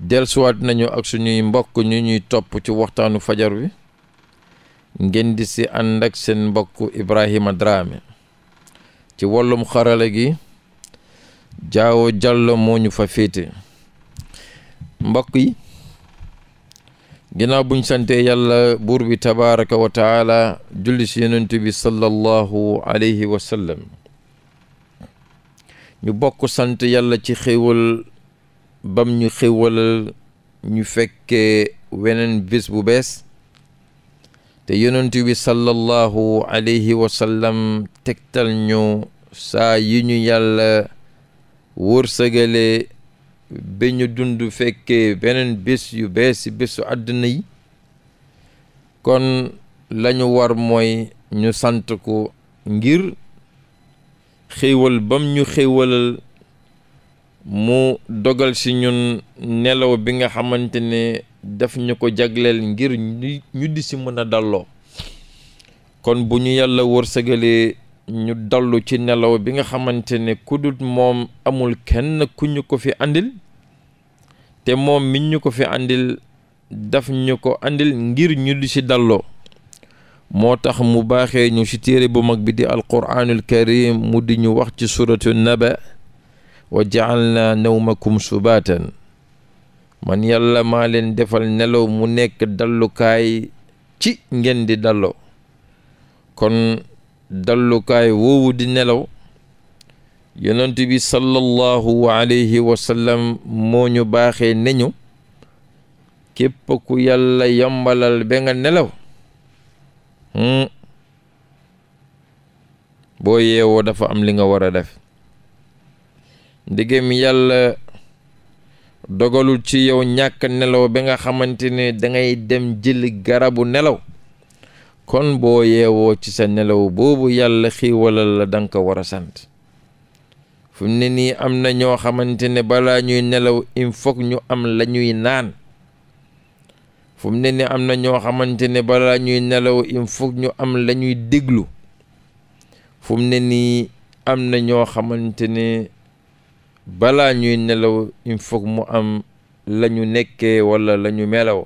dellusiwaat nañu ak suñuy mbokk ñu ñuy topp ci waxtaanu fajar wi ngeen di si ànd ak seen mbokk Ibrahima Dramé ci wàllum xarala gi jaawo jàllo moo ñu fa féete mbokk yi ginnaaw buñ sante yàlla buur bi tabaraka wa taala julli si yonent bi sallallahu alayhi wa ñu bokk sant yàlla ci xéewal bam ñu xéwalal ñu fekkee weneen bés bu bees te yonent bi sallallahu alayhi wa sallam tegtal ñu saa yi ñu yàlla wërsëgale ba ñu dund fekkee beneen bés yu bees yi bésu àddina yi kon lañu war mooy ñu sant ko ngir xéwal bam ñu xéwalal mu dogal si ñun nelaw bi nga xamante ne daf ñu ko jagleel ngir ñu di si mën a dalloo kon bu ñu yàlla wërsëgalee ñu dallu ci nelaw bi nga xamante ne ku moom amul kenn ku ñu ko fi andil te moom mi ñu ko fi andil daf ñu ko andil ngir ñu di si dalloo moo tax mu baaxee ñu si téere bu mag bi di alquraanul karim mu di ñu wax ci suratu naba wa jaalna nawmakum subaatan man yàlla maa leen defal nelaw mu nekk dallukaay ci ngeen di dalloo kon dallukaay woowu di nelaw yonent bi sallallahu alayhi wa sallam moo ñu baaxee nañu képp ku yàlla yombalal ba nga nelaw hmm, boo yeewoo dafa am li nga war a def ndegem yàlla dogalul ci yow ñàkk nelaw ba nga xamante ne dangay dem jëli garabu nelaw kon boo yeewoo ci sa nelaw boobu yàlla xiiwalal la danga ko war a sant fu ne nii am na ñoo xamante ne bala ñuy nelaw il faut ñu am la ñuy naan fu ne nii am na ñoo xamante ne balaa ñuy nelaw il ñu am la ñuy ne nii am na ñoo xamante ne bala ñuy nelaw il mu am lañu nekke walla lañu la melaw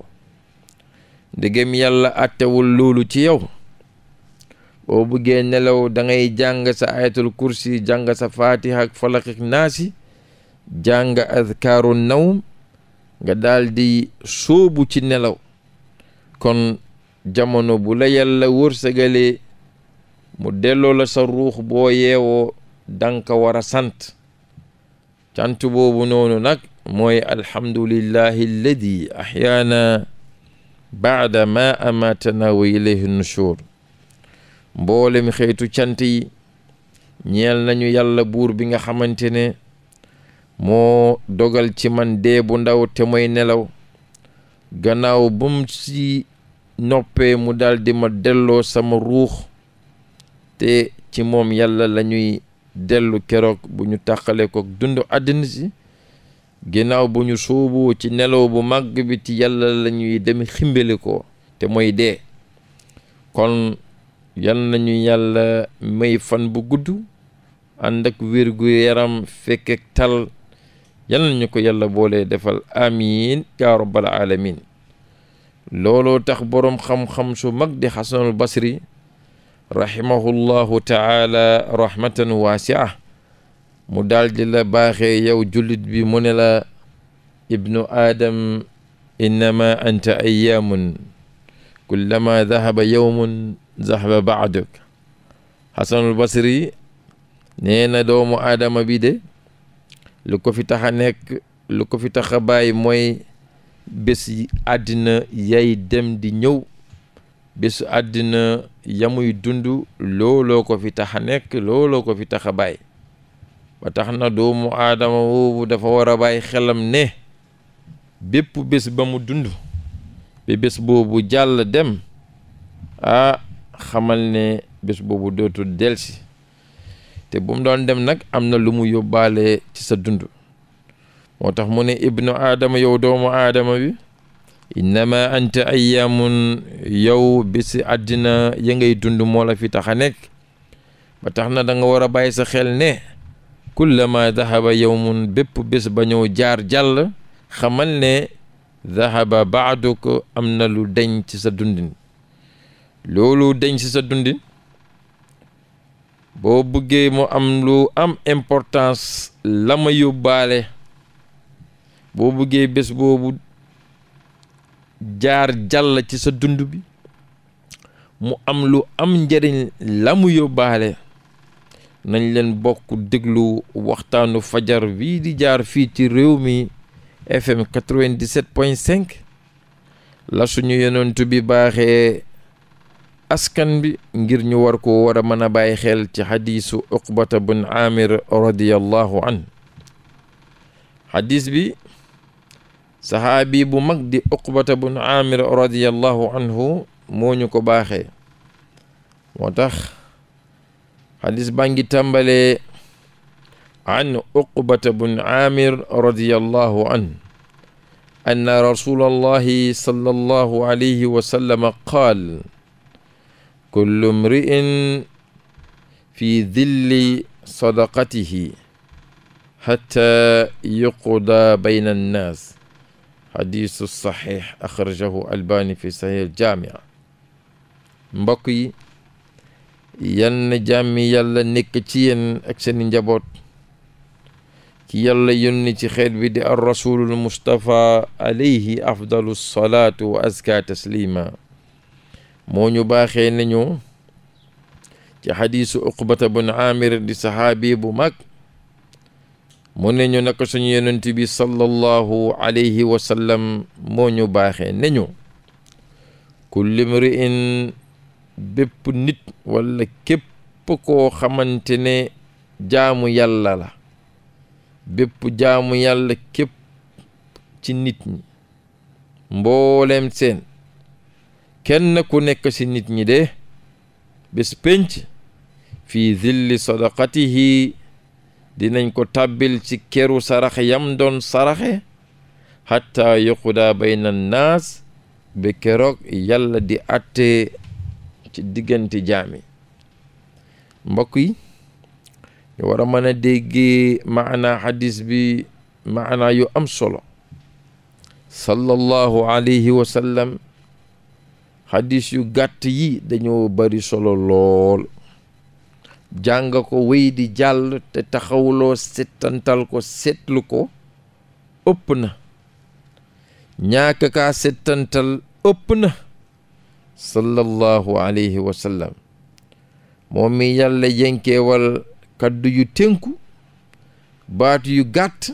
ndegem yàlla àttewul loolu ci yow boo bëggee nelaw dangay jàng sa ayatul kursi jàng sa fatiha ak falaq ak naasi jàng azkaaru nawm nga daldi di ci nelaw kon jamono bu la yàlla wërsëgalee mu delloo la sa ruux boo yeewoo danga ko war a sant cant boobu noonu nag mooy alhamdulillahi alladi ahyaana baada ma amatana wa ilayhi nushur mboolem xeetu cant yi ñeel nañu yàlla buur bi nga xamante ne moo dogal ci man dee bu ndaw te mooy nelaw gannaaw bum si noppee mu daldi ma delloo sama ruux te ci moom yàlla lañuy dellu keroog bu ñu tàqale ko dund àddina si ginnaaw bu ñu suuboo ci nelaw bu màgg bi ci yàlla lañuy ñuy dem ximbali ko te mooy dee kon yal nañu yàlla may fan bu gudd ànd ak wér gu yaram fekk ak tal yal nañu ko yàlla boole defal amiin yaa rabbal aalamiin looloo tax boroom xam-xam su mag di xasanul basri rahimahullahu taala rahmatan waasia mu daldi la baaxee yow jullit bi mu ne la ibnu aadam innama anta ayyaamun kullama dahaba yowmun zahaba baaduk xasanul basri nee na doomu aadama bi de lu ko fi tax a nekk lu ko fi tax a bàyyi mooy bés àddina yay dem di ñëw bésu àddina yamuy dund looloo ko fi tax a nekk looloo ko fi tax a bàyyi ba tax na doomu aadama woobu dafa war a bàyyi xelam ne bépp bés ba mu dund ba bés boobu jàll dem ah xamal ne bés boobu dootul delsi te bu mu doon dem nag am na lu mu yóbbaale ci sa dund moo tax mu ne ibnu aadama yow doomu aadama bi innama ay ayyamun yow bisi àddina ya ngay dund moo la fi tax a nekk ba tax na danga war a bàyyi sa xel ne kullama dahaba yowmun bépp bés ba ñëw jaar jàll xamal ne dahaba ko am na lu deñ ci sa dundin loolu deñ ci sa dundin boo bëggee mu am lu am importance la ma yóbbaale boo bëggee bés boobu jaar jàll ci sa dund bi mu am lu am njariñ la mu yóbbaale nañ leen bokk déglu waxtaanu fajar bii di jaar fii ci réew mi FM 97.5 la suñu yonent bi baaxee askan bi ngir ñu war ko wara mëna mën bàyyi xel ci xadiisu uqbata bun amir radiyallahu an xadiis bi saxaabi bu mag di uqbata bun amir radiallahu anhu moo ñu ko baaxee moo tax xadis baa ngi tàmbalee an uqbata bun amir radiallahu an anna rasulallahi sallallahu alayhi wa sallam qaal kullu mri'in fi dilli sadaqatihi xatta yuquda bayna annaas xadiisu saxiix axrajahu albani fi saxiix jaamia mbokk yi yan jàmmi yàlla nekk ci yéen ak seeni njaboot ki yàlla yónni ci xeet bi di ar rasulul mustapha alayhi afdalu salaatu wa azka taslima moo ñu baaxee nañu ci xadiisu uqbata bun aamir di saxaabi bu mag mu ne ñu naka suñu yonent bi sallallahu alayhi wa sallam moo ñu baaxee ne ñu kulli mri'in bépp nit wala képp koo xamante ne jaamu yàlla la bépp jaamu yàlla képp ci nit ñi mbooleem seen kenn ku nekk ci nit ñi de bés fi fii sadaqatihi dinañ ko tàbbil ci keru sarax yam doon saraxe xatta yuqudaa bayna naas ba keroog yalla di àtte ci diggante jaami mbokk yi ñu war a mën a déggee maanaa xadis bi maanaa yu am solo sallallahu alayhi wa sallam xadis yu gàtt yi dañoo bari solo lool jàng ko wéy di jàll te taxawuloo settantal ko seetlu ko ëpp na ñàkk kaa settantal ëpp na sallallahu alayhi wa moom mi yàlla yenkeewal kaddu yu tënku baatu yu gàtt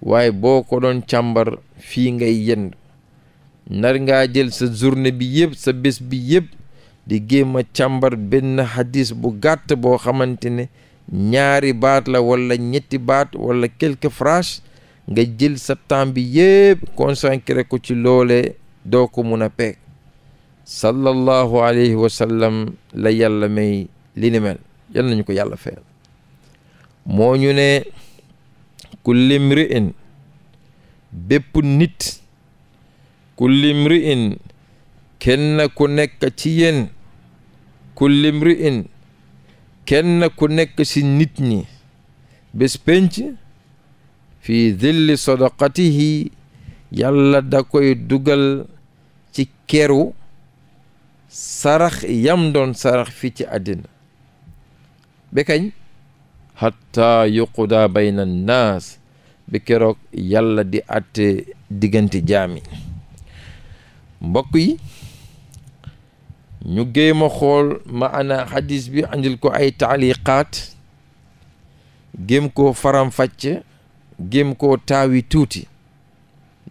waaye boo ko doon càmbar fii ngay yend nar ngaa jël sa journée bi yëpp sa bés bi yépp di géem càmbar benn hadis bu gàtt boo xamante ne ñaari baat la wala ñetti baat wala quelques phrases nga jël sa temps bi yëpp consacré ko ci loole doo ko mun a peeg sallallahu alayhi wa la yàlla may li ni mel yal nañu ko yàlla feel moo ñu ne kulli mri'in bépp nit kulli mri'in kenn ku nekk ci yéen kulli mri'in kenn ku nekk ci nit ñi bés fi fii dilli yi yàlla da koy dugal ci keru sarax yam doon sarax fii ci àddina bekañ hatta yuquda bayna naas bi keroog yalla di àtte diggante jaami mbokk yi ñu géema xool maana xadis bi andil ko ay taaliqaat géem koo faram-fàcce géem koo taawi tuuti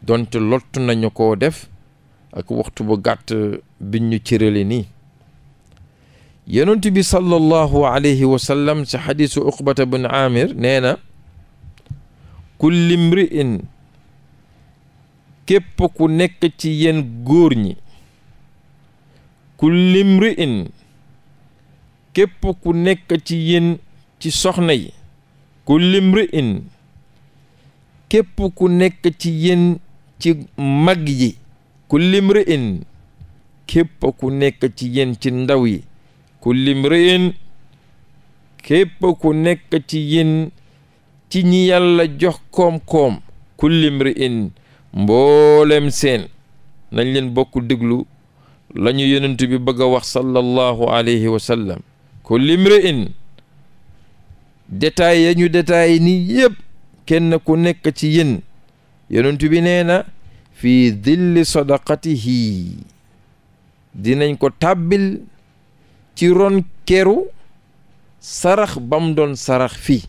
donte lottu nañu ko def ak waxtu bu gàtt biñ ñu cërale nii yonent bi sallallahu alayhi wa si xadisu uqbata bin amir nee na kulli mri'in képp ku nekk ci yéen góor ñi kulli mri'in képp ku nekk ci yéen ci soxna yi kulli mri'in képp ku nekk ci yéen ci mag yi kulli mri'in képp ku nekk ci yéen ci ndaw yi kulli mri'in képp ku nekk ci yéen ci ñi yàlla jox koom-koom kulli mri'in mboolem seen nañ leen bokk déglu la ñu yonent bi bëgg a wax sallallahu alayhi wa sallam ku limre in détail ya ñu détail nii yëpp kenn ku nekk ci yéen yonent bi nee na fii dilli sadaqatihi dinañ ko tàbbil ci ron keru sarax bam doon sarax fi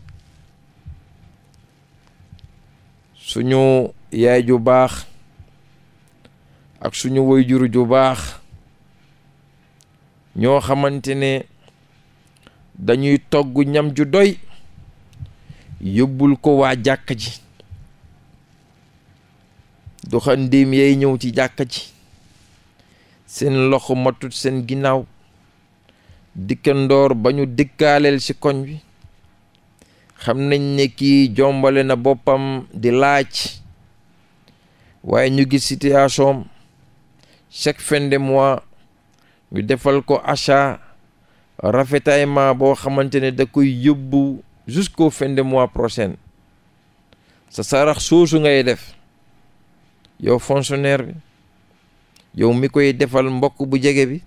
suñu yaay ju ak suñu woyjur ju baax ñoo xamante ne dañuy togg ñam ju doy yóbbul ko waa jàkka ji doxandiim yay ñëw ci jàkka ji seen loxo matut seen ginnaaw dikkandoor ba ñu dikkaaleel ci koñ bi xam nañ ne ki jombale na boppam di laaj waaye ñu gis situation chaque fin ñu defal ko achat rafetaillement boo xamante ne da koy yóbbu jusqu'au fin de mois prochain sa sarax soosu ngay def yow fonctionnaire bi yow mi koy defal mbokk bu jege bi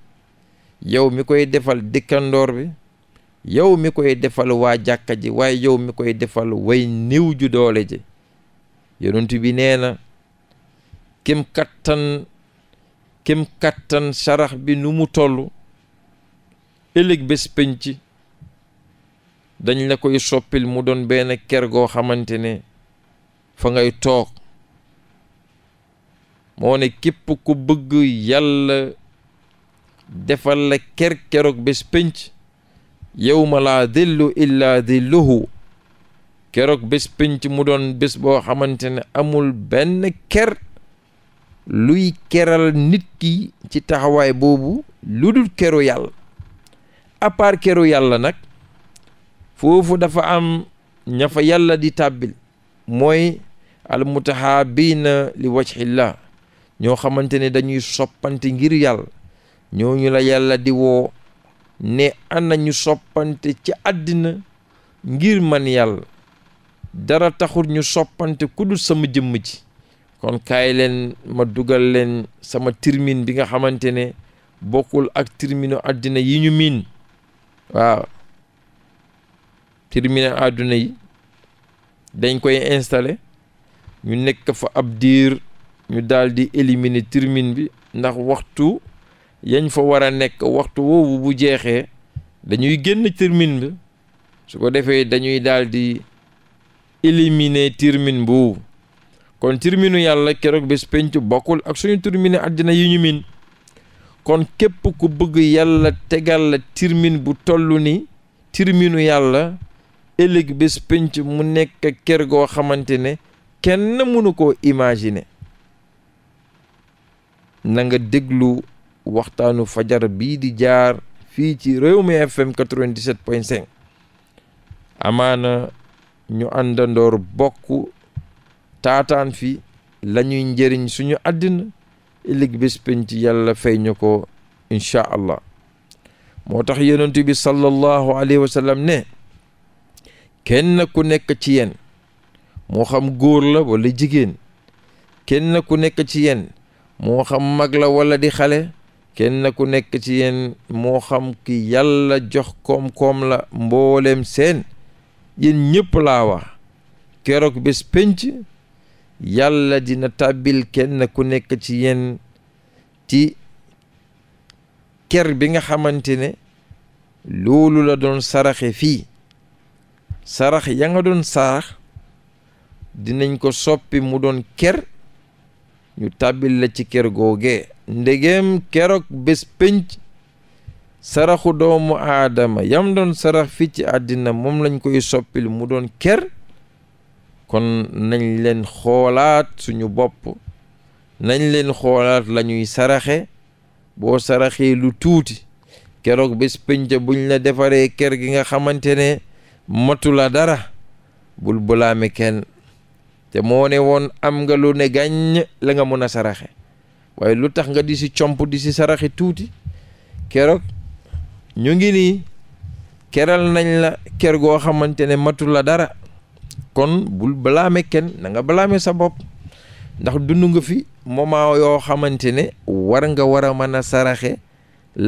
yow mi koy defal dikkandoor bi yow mi koy defal waa jàkka ji waaye yow mi koy defal way niw ju doole ji yonent bi nee na kattan kem kattan sarax bi nu mu tollu ëllëg bés penc dañ la koy soppil mu doon benn ker goo xamante ne fa ngay toog moo ne képp ku bëgg yàlla defal la ker keroog bés penc yawma laa dillu illaa dilluhu keroog bés penc mu doon bés boo xamante ne amul benn ker luy keral nit ki ci taxawaay boobu lu dul keru yàlla à keru yàlla nag foofu dafa am ña fa yàlla di tàbbil mooy almutahaabina li wajhillah ñoo xamante ne dañuy soppante ngir yàlla ñooñu la yàlla di woo ne ana ñu soppante ci àddina ngir man yàlla dara taxul ñu soppante ku sama jëmm ji kon kaay leen ma dugal leen sama termine bi nga xamante ne bokkul ak terminu àddina yi ñu miin waaw terminu àdduna yi dañ koy installé ñu nekk fa ab diir ñu daal di éliminer termine bi ndax waxtu yañ fa war a nekk waxtu woowu bu jeexee dañuy génn termine bi su ko defee dañuy daal di éliminer termine boobu kon turminu yàlla keroog bés penc bokkul ak suñu turminu àddina yi ñu miin kon képp ku bëgg yàlla tegal la turmin bu toll ni turminu yàlla ëllëg bés penc mu nekk kër goo xamante ne kenn mënu ko imaginer nanga déglu waxtaanu fajar bii di jaar fii ci réew Rewmi FM 97.5 amaana ñu àndandoor bokk taataan fi lañuy ñuy njëriñ suñu àddina ëllëg bés penc yàlla fay ñu ko incha allah moo tax yonent bi sallallahu alayhi wa ne kenn ku nekk ci yenn moo xam góor la wala jigéen kenn ku nekk ci yenn moo xam mag la walla di xale kenn ku nekk ci yéen moo xam ki yàlla jox koom-koom la mbooleem seen yéen ñëpp laa wax keroog bés pénc yàlla dina tàbbil kenn ku nekk ci yéen ci ker bi nga xamante ne loolu la doon saraxe fii sarax ya nga doon sarax dinañ ko soppi mu doon ker ñu tàbbil la ci ker googe ndegem keroog bés pénc saraxu doomu aadama yam doon sarax fii ci àddina moom lañ koy soppil mu doon ker kon nañ leen xoolaat suñu bopp nañ leen xoolaat la ñuy saraxe boo saraxee lu tuuti keroog bés pénc buñ la defaree kër gi nga xamante ne matu la dara bul bulaame kenn te moo ne woon am nga lu ne gàññ la nga mën a saraxe waaye lu tax nga di si comp di si saraxe tuuti keroog ñu ngi nii keral nañ la kër goo xamante ne matu la dara kon bul balaame kenn na nga balaame sa bopp ndax dund nga fi moment yoo xamante ne war nga war a mën a saraxe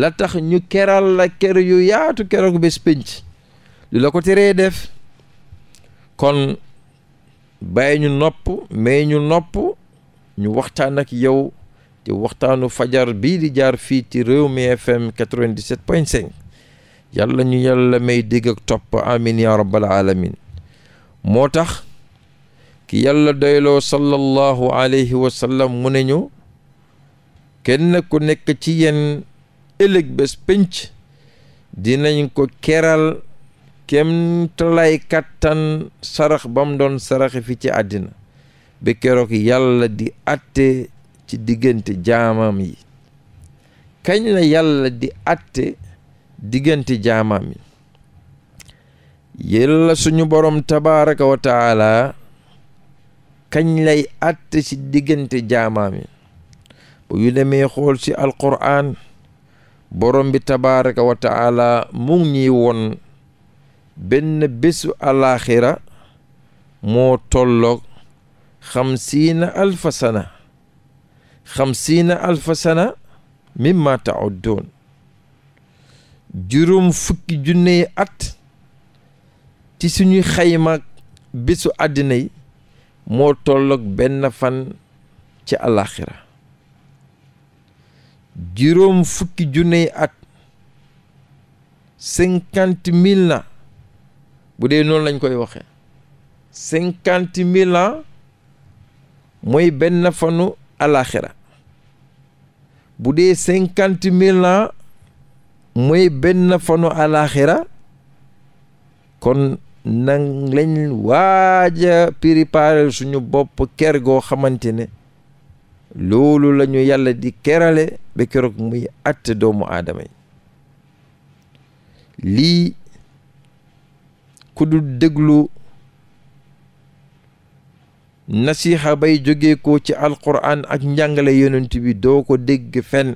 la tax ñu keral la ker yu yaatu keroog bés pénc lu la ko teree def kon bàyyi ñu nopp may ñu nopp ñu waxtaan ak yow te waxtaanu fajar bii di jaar fii ci Rewmi FM 97.5 yàlla ñu yàlla may dégg ak topp amin ya rabbal alamin moo tax ki yàlla doyloo sallallahu alayhi wa mu ne ñu kenn ku nekk ci yenn ëllëg bés pénc dinañ ko keral kem talay kattan sarax bam doon saraxe fi ci àddina ba keroog yàlla di atte ci diggante jaamam yi kañ la yàlla di atte diggante jaamam yi yàlla suñu borom tabaaraka kañ lay àtte ci diggante jaamaami bu yu demee xool ci alqur'aan borom bi tabaaraka wa taala mu ngi won benn bésu alaaxira moo tolloog xamsiina alfa sana xamsiina alfa sana mimma juróom fukki junney at ci suñuy xayma bésu àddina yi moo tolloog benn fan ci alaxira juróom fukki junney at cinquante mille ans bu dee noonu lañ koy waxee cinquante mille ans mooy benn fanu alaxira bu dee cinquante mille ans mooy benn fanu alaxira kon nang lañ waaja préparer suñu bopp ker goo xamante ne loolu lañu yàlla di kerale ba keroog muy àtte doomu aadama yi lii ku du déglu nasiha bay jóge ko ci alquran ak njàngale yonent bi doo ko dégg fenn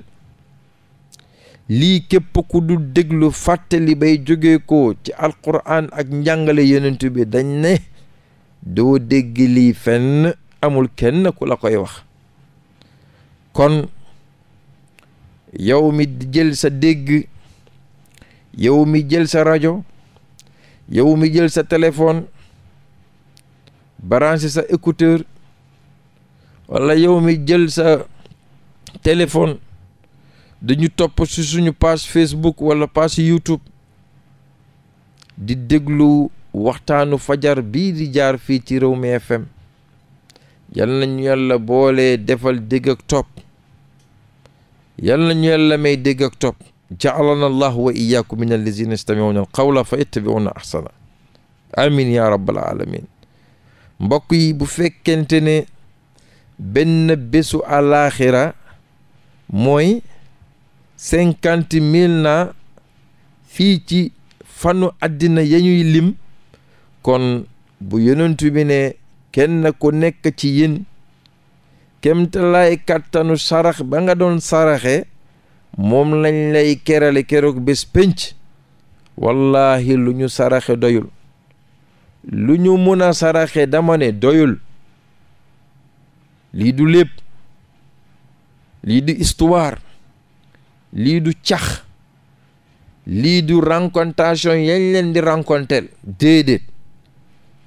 lii képp ku du déglu fàttali bay jóge ko ci alquran ak njàngale yonent bi dañ ne doo dégg lii fenn amul kenn ku la koy wax kon yow mi jël sa dégg yow mi jël sa rajo yow mi jël sa téléphone branché sa écouteur wala yow mi jël sa téléphone dañu topp ci suñu page Facebook wala page YouTube di déglu waxtaanu fajar bii di jaar fii ci Rewmi FM yal nañu yàlla boole defal dégg ak topp yal nañu yàlla may dégg ak topp ja'alana allahu wa iyyakum min allazina yastami'una alqawla fa yattabi'una ahsana amin ya rabbal alamin mbokk yi bu fekkente ne benn bésu àlaaxira mooy cinquante mille na fii ci fanu àddina ya lim kon bu yonentu bi ne kenn ku nekk ci yéen kemtalaay kàttanu sarax ba nga doon saraxe moom lañ lay kerale keroog bés pénc wallahi lu ñu saraxe doyul lu ñu mun a saraxe dama ne doyul lii du lépp lii du histoire lii du cax lii du rencontration yañ leen di rencontrel déedéet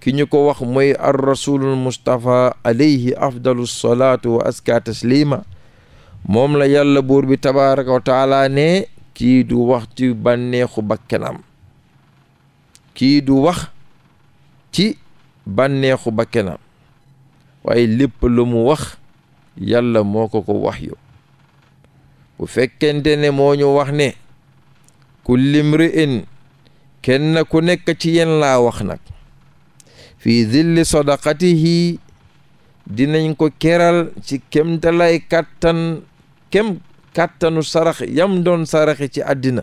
ki ñu ko wax mooy ar rasulul mustapha alayhi afdalu salaatu wa aska taslima moom la yàlla buur bi tabaraka wa taala ne kii du wax ci bànneexu bakkenam kii du wax ci bànneexu bakkenam waaye lépp lu mu wax yàlla moo ko ko wax yo bu fekkente ne mooñu wax ne kulli mri'in kenn ku nekk ci yenn la wax nag fii zilli sadaqatihi dinañ ko keral ci kemtalay kàttan kem sarax yam doon sarax ci àddina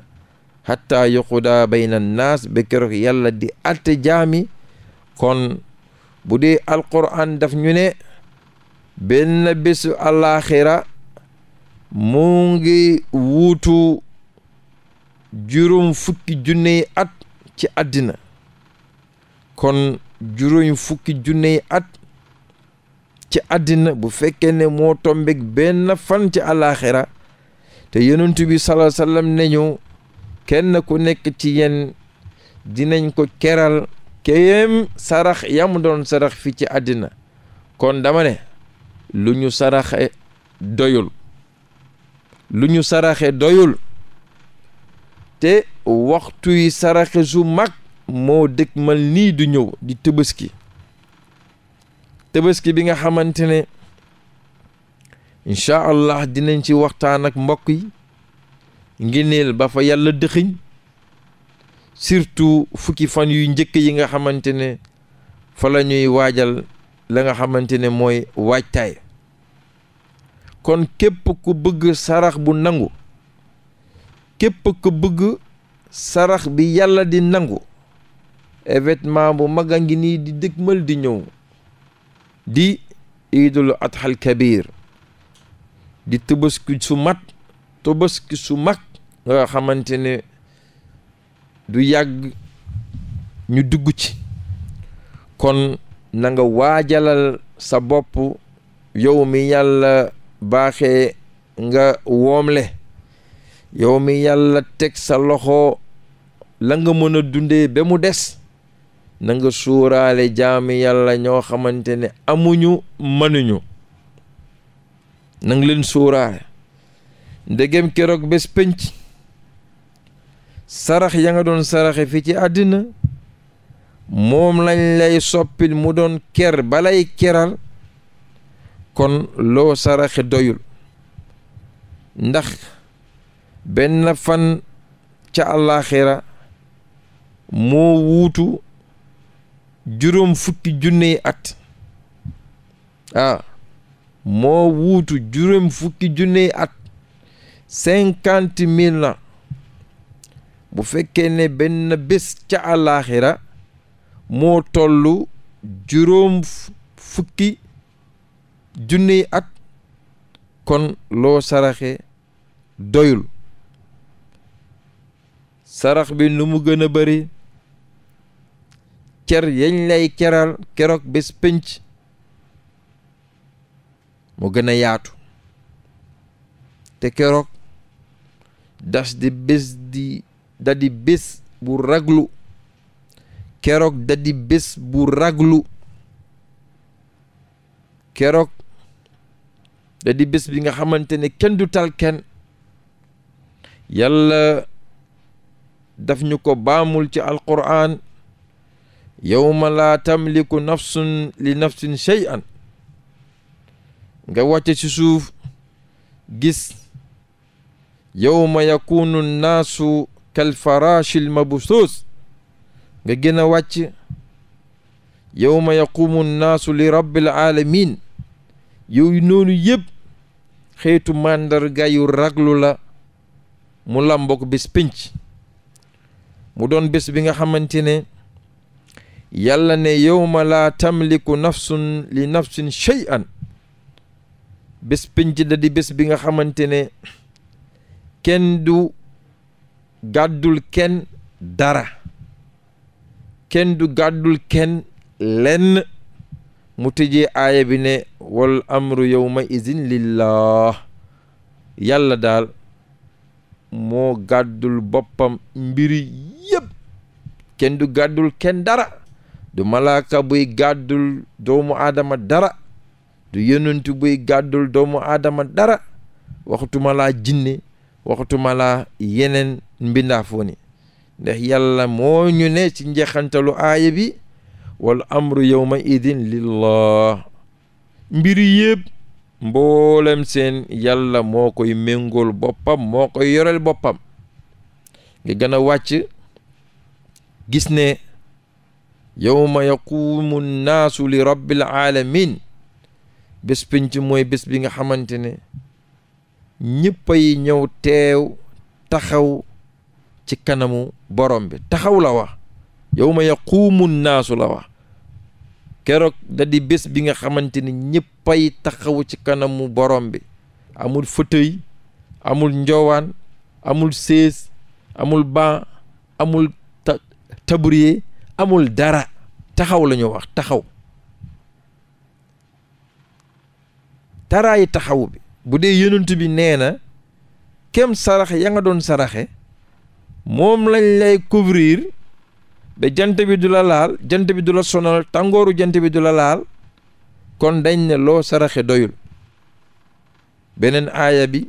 hatta yuqudaa bayna naas ba keroog yàlla di atte jaami kon bu dee alquran daf ñu ne benn bésu àllaaxira mu ngi wuutu juróom fukki junney at ci àddina kon juróom fukki junney at ci àddina bu fekkee ne moo tombek benn fan ci alaxira te yonentu bi salaa sallam ñu kenn ku nekk ci yéen dinañ ko keral kéem sarax yam doon sarax fii ci àddina kon dama ne lu ñu saraxe doyul lu ñu saraxe doyul te waxtu saraxe su mag moo dëkk dëgmal nii du ñëw di tëbaski tëbaski bi nga xamante ne incha allah dinañ ci waxtaan ak mbokk yi ngineel ba fa yàlla dëxiñ surtout fukki fan yu njëkk yi nga xamante ne fa la ñuy waajal la nga xamante ne mooy waajtaay kon képp ku bëgg sarax bu nangu képp ku bëgg sarax bi yàlla di nangu événement bu mag a ngi nii di dëgmal di ñëw di iidul adhal kabir di tëbaski su mat tëbaski su mag nga xamante ne du yàgg ñu dugg ci kon nanga nga waajalal sa bopp yow mi yàlla baaxe nga woomle yow mi yàlla teg sa loxo la nga mën a dundee ba mu des na suuraale jaami yàlla ñoo xamante ne amuñu mënuñu na leen suuraale ndegem keroog bés pënc sarax ya nga doon saraxe fi ci àddina moom lañ lay soppil mu doon ker balay keral kon loo saraxe doyul ndax benn fan ca àllaaxira moo wuutu juróom fukki junney at ah at cinquante mille bu fekkee ne benn bés ca àllaaxira moo tollu juróom fukki junni at kon loo saraxe doyul sarax bi nu mu gën a bari cer yañ lay ceral keroog bés pénc mu gën a yaatu te keroog das di bés di da bés bu raglu keroog da bés bu raglu keroog da di bés bi nga xamante ne kenn du tal kenn yàlla daf ñu ko baamul ci alquran yowma laa tamliku nafsun li nafsin shay'an nga wàcce ci suuf gis yowma yakunu naasu kal farashil mabsuus nga gën a wàcc yowma yaqumu naasu li rabbil alamin yooyu noonu yëpp xeetu màndarga yu raglu la mu làmbook bés pénc mu doon bés bi nga xamante ne yàlla ne yowma laa tamliku nafsun li nafsin shay'an bés pénc da di bés bi nga xamante ne kenn du gàddul kenn dara kenn du gàddul kenn lenn mu tëjee aaya bi ne wal amru yawma izin lillah yàlla daal moo gàddul boppam mbiri yëpp kenn du gàddul kenn dara du malaka buy gàddul doomu aadama dara du yonentu buy gàddul doomu aadama dara waxtuma laa jinne waxtuma laa yeneen mbindaafoo ni ndax yàlla moo ñu ne ci njeexantalu aaya bi wal amru yawma idin lillah mbir yépp mboolem seen yàlla moo koy méngool boppam moo koy yoreel boppam nga gën a wàcc gis ne yawma yaqumu naasu li rabbil alamin bés penc mooy bés bi nga xamante ne ñépp ay ñëw teew taxaw ci kanamu borom bi taxaw la wax yawma yaqumu nnaasu la wax keroog da bés bi nga xamante ni ñëppay taxaw ci kanamu borom bi amul fauteuil amul njoowaan amul sées amul banc amul ta tabourier amul dara taxaw lañu wax taxaw yi taxaw bi bu dee yonent bi nee na kem sarax ya nga doon saraxe moom lañ lay couvrir ba jant bi du la laal jant du la sonal tàngooru jant bi du la laal kon dañ ne loo saraxe doyul beneen aaya bi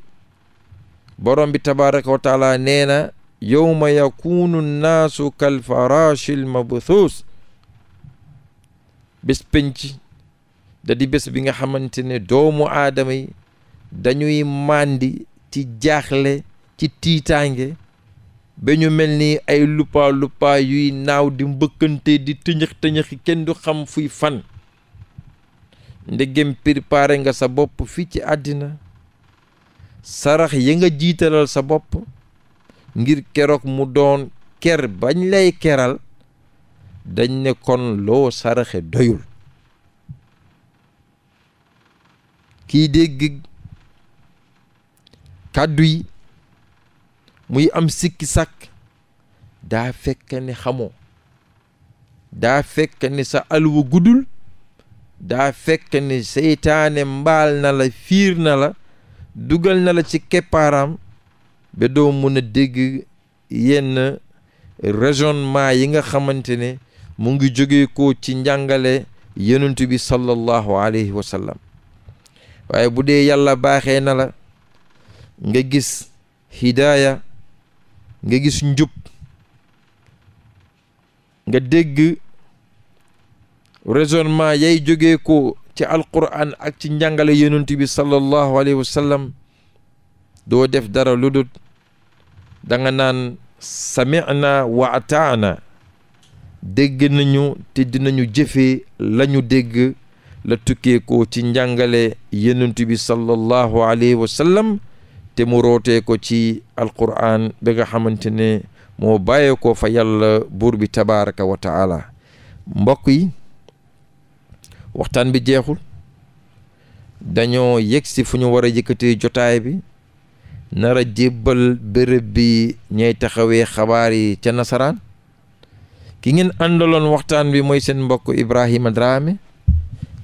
borom bi tabaraka wa taala nee na yowma yakunu naasu kal farashil mabthus bés penc da di bés bi nga xamante ne doomu aadama yi dañuy màndi ci jaaxle ci tiitaange ba ñu mel ni ay lupa luppaa yuy naaw di mbëkkante di tëñëx tëñëx kenn du xam fuy fan ndegem préparé nga sa bopp fii ci àddina sarax ya nga jiitalal sa bopp ngir keroog mu doon ker bañ lay keral dañ nekkoon loo saraxe doyul kii dégg kàddu yi muy am sikki sàkk daa fekk ne xamoo daa fekk ni sa alwa guddul daa fekk ni seytaane mbaal na la fiir na la dugal na la ci keppaaram ba doo mën a dégg yenn raisonnement yi nga xamante ne mu ngi jóge ko ci njàngale yonent bi sallallahu alayhi wa sallam waaye bu dee yàlla baaxee na la nga gis hidaaya nga gis njub nga dégg raisonnement yay jógee ko ci alquran ak ci njàngale yonent bi sallallahu alayhi wa doo def dara lu dul da nga naan sami'na wa ataana dégg nañu te dinañu jëfee lañu dégg la tukkee ko ci njàngale yonent bi sallallahu alayhi te mu rootee ko ci alqur'an bi nga xamante ne moo bàyyee ko fa yalla buur bi tabaraka wa mbokk yi waxtaan bi jeexul dañoo yegg si fu ñu war a yëkkatee jotaay bi nara a jébbal béréb bi ñay taxawee xabaar yi ca nasaraan ki ngeen àndaloon waxtaan bi mooy seen mbokk Ibrahima Dramé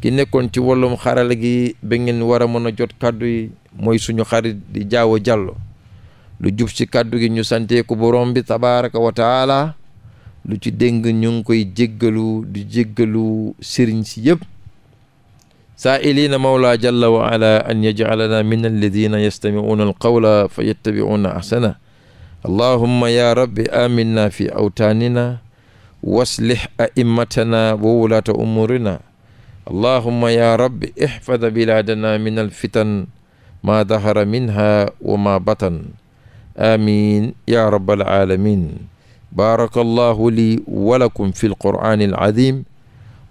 ki nekkoon ci wàllum xarala gi ba ngeen war a mën a jot kàddu yi mooy suñu xarit di jaawo jàllo lu jub ci kàddu gi ñu santee ko borom bi tabaraka wa ci déng ñu ngi koy jéggalu di jéggalu sëriñ si yëpp saa'iliina mawla jalla wa an yaj'alana min allahumma ya rabbi aminna fi awtaanina waslih a'immatana wa wulaata umurina allahumma ya rabbi ihfad bilaadana min alfitan maa dahara minha wa ma batan amin ya rabbal alamin baraka allahu li walakum fi alqur'ani alazim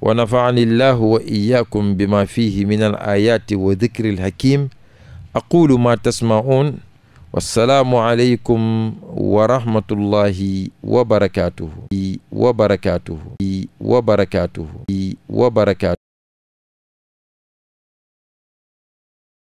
wa nafa'ani allahu wa iyyakum bima fihi min alayati wa dhikri alhakim aqulu ma tasma'un wassalaamu aleykum wa rahmatullahi wa barakatuhu wa barakatuhu wa barakatuhu wa barakatuhu